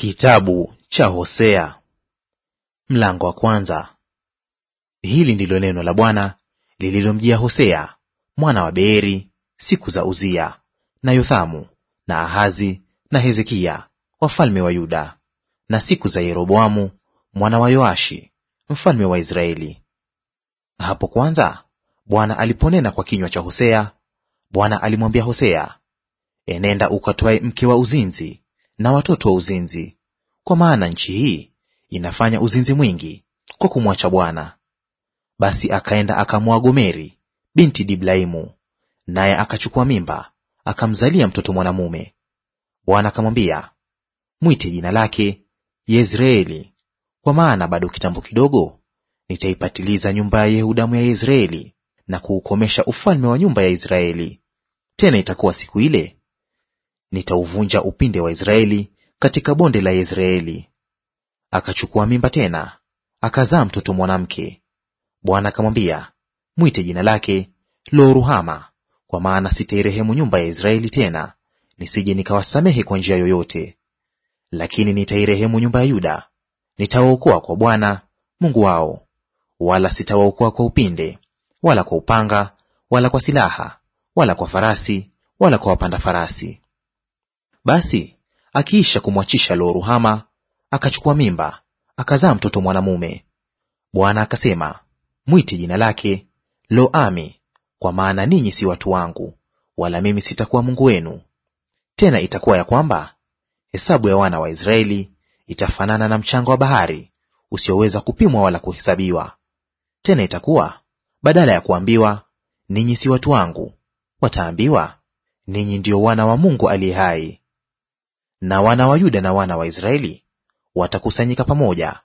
Kitabu cha Hosea mlango wa kwanza. Hili ndilo neno la Bwana lililomjia Hosea mwana wa Beeri siku za Uzia na Yothamu na Ahazi na Hezekia wafalme wa Yuda na siku za Yeroboamu mwana wa Yoashi mfalme wa Israeli. Hapo kwanza Bwana aliponena kwa kinywa cha Hosea, Bwana alimwambia Hosea, enenda ukatwae mke wa uzinzi na watoto wa uzinzi, kwa maana nchi hii inafanya uzinzi mwingi kwa kumwacha Bwana. Basi akaenda akamwoa Gomeri binti Diblaimu, naye akachukua mimba akamzalia mtoto mwanamume. Bwana akamwambia, mwite jina lake Yezreeli, kwa maana bado kitambo kidogo nitaipatiliza nyumba ya Yehudamu ya Yezreeli na kuukomesha ufalme wa nyumba ya Israeli. Tena itakuwa siku ile nitauvunja upinde wa Israeli katika bonde la Yezreeli. Akachukua mimba tena, akazaa mtoto mwanamke. Bwana akamwambia, mwite jina lake Lo-Ruhama, kwa maana sitairehemu nyumba ya Israeli tena, nisije nikawasamehe kwa njia yoyote. Lakini nitairehemu nyumba ya Yuda, nitawaokoa kwa Bwana Mungu wao, wala sitawaokoa kwa upinde, wala kwa upanga, wala kwa silaha, wala kwa farasi, wala kwa wapanda farasi. Basi akiisha kumwachisha Lo Ruhama, akachukua mimba, akazaa mtoto mwanamume. Bwana akasema, mwite jina lake Lo-Ami, kwa maana ninyi si watu wangu, wala mimi sitakuwa Mungu wenu. Tena itakuwa ya kwamba hesabu ya wana wa Israeli itafanana na mchanga wa bahari usioweza kupimwa wala kuhesabiwa. Tena itakuwa badala ya kuambiwa ninyi si watu wangu, wataambiwa ninyi ndio wana wa Mungu aliye hai. Na wana wa Yuda na wana wa Israeli watakusanyika pamoja,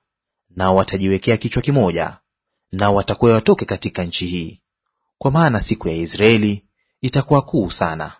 nao watajiwekea kichwa kimoja, nao watakuwa watoke katika nchi hii, kwa maana siku ya Israeli itakuwa kuu sana.